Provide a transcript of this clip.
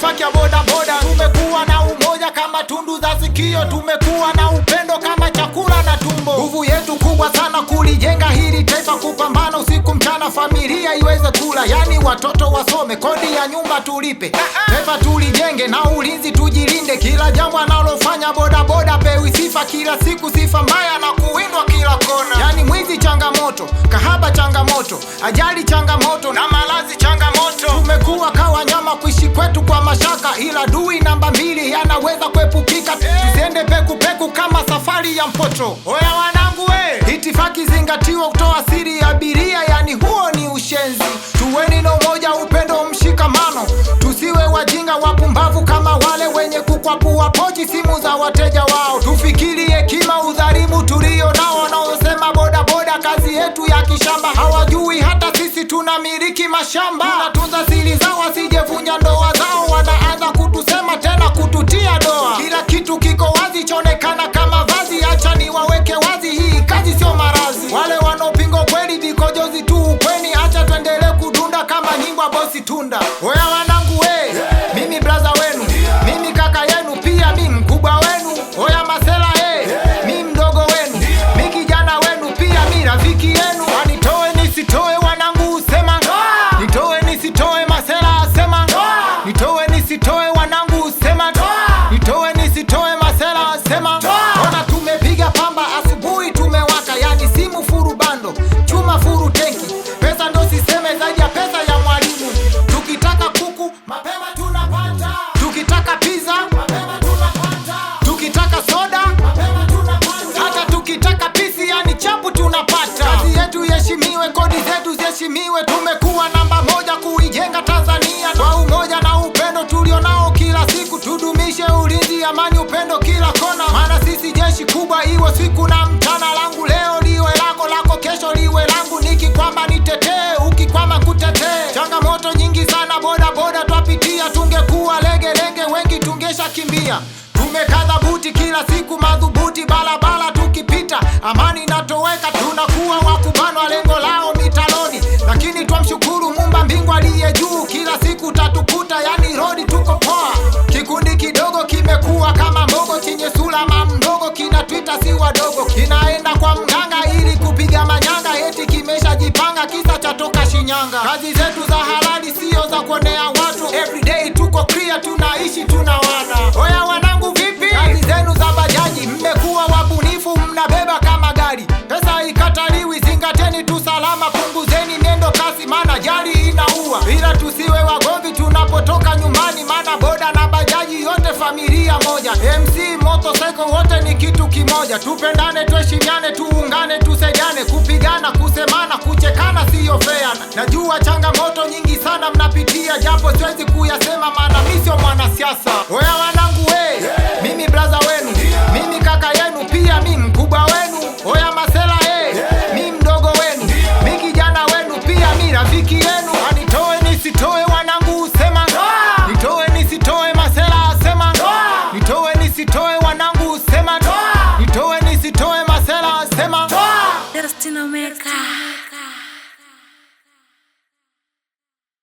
Taifa ya boda boda, tumekuwa na umoja kama tundu za sikio, tumekuwa na upendo kama chakula na tumbo. Nguvu yetu kubwa sana kulijenga hili taifa, kupambana usiku mchana, familia iweze kula, yani watoto wasome, kodi ya nyumba tulipe, taifa tulijenge na ulinzi tujilinde, kila jambo analofanya boda boda pewi sifa, kila siku sifa mbaya na kuwindwa kila kona, yani mwizi changamoto, kahaba changamoto, ajali changamoto na ila dui namba mbili yanaweza kuepukika, eh. tusiende pekupeku kama safari ya mpoto. Oya wanangu, we itifaki zingatiwa, kutoa siri ya abiria, yani huo ni ushenzi. Tuweni na umoja, upendo, mshikamano, tusiwe wajinga wapumbavu kama wale wenye kukwapua pochi simu za wateja wao. Tufikiri hekima, udhalimu tulio nao, wanaosema bodaboda kazi yetu ya kishamba, hawajui hata sisi tunamiliki mashamba, tunatunza wasitunda oya liwe siku na mchana, langu leo liwe lako, lako kesho liwe langu. Nikikwama nitetee, ukikwama kutetee. Changamoto nyingi sana bodaboda twapitia, tungekuwa legelege wengi tungesha kimbia. Tumekadhabuti kila siku madhubuti, barabara wadogo kinaenda kwa mganga ili kupiga manyanga, eti kimeshajipanga, kisa chatoka Shinyanga. Kazi zetu za halali, sio za kuonea watu, everyday tuko clear tuna tabia moja. MC seko, wote ni kitu kimoja, tupendane, tuheshimiane, tuungane, tusaidiane, kupigana, kusemana, kuchekana siyo fea. Najua changamoto nyingi sana mnapitia, japo siwezi kuyasema, maana mi sio mwanasiasa. Oya wanangu we, mimi blaza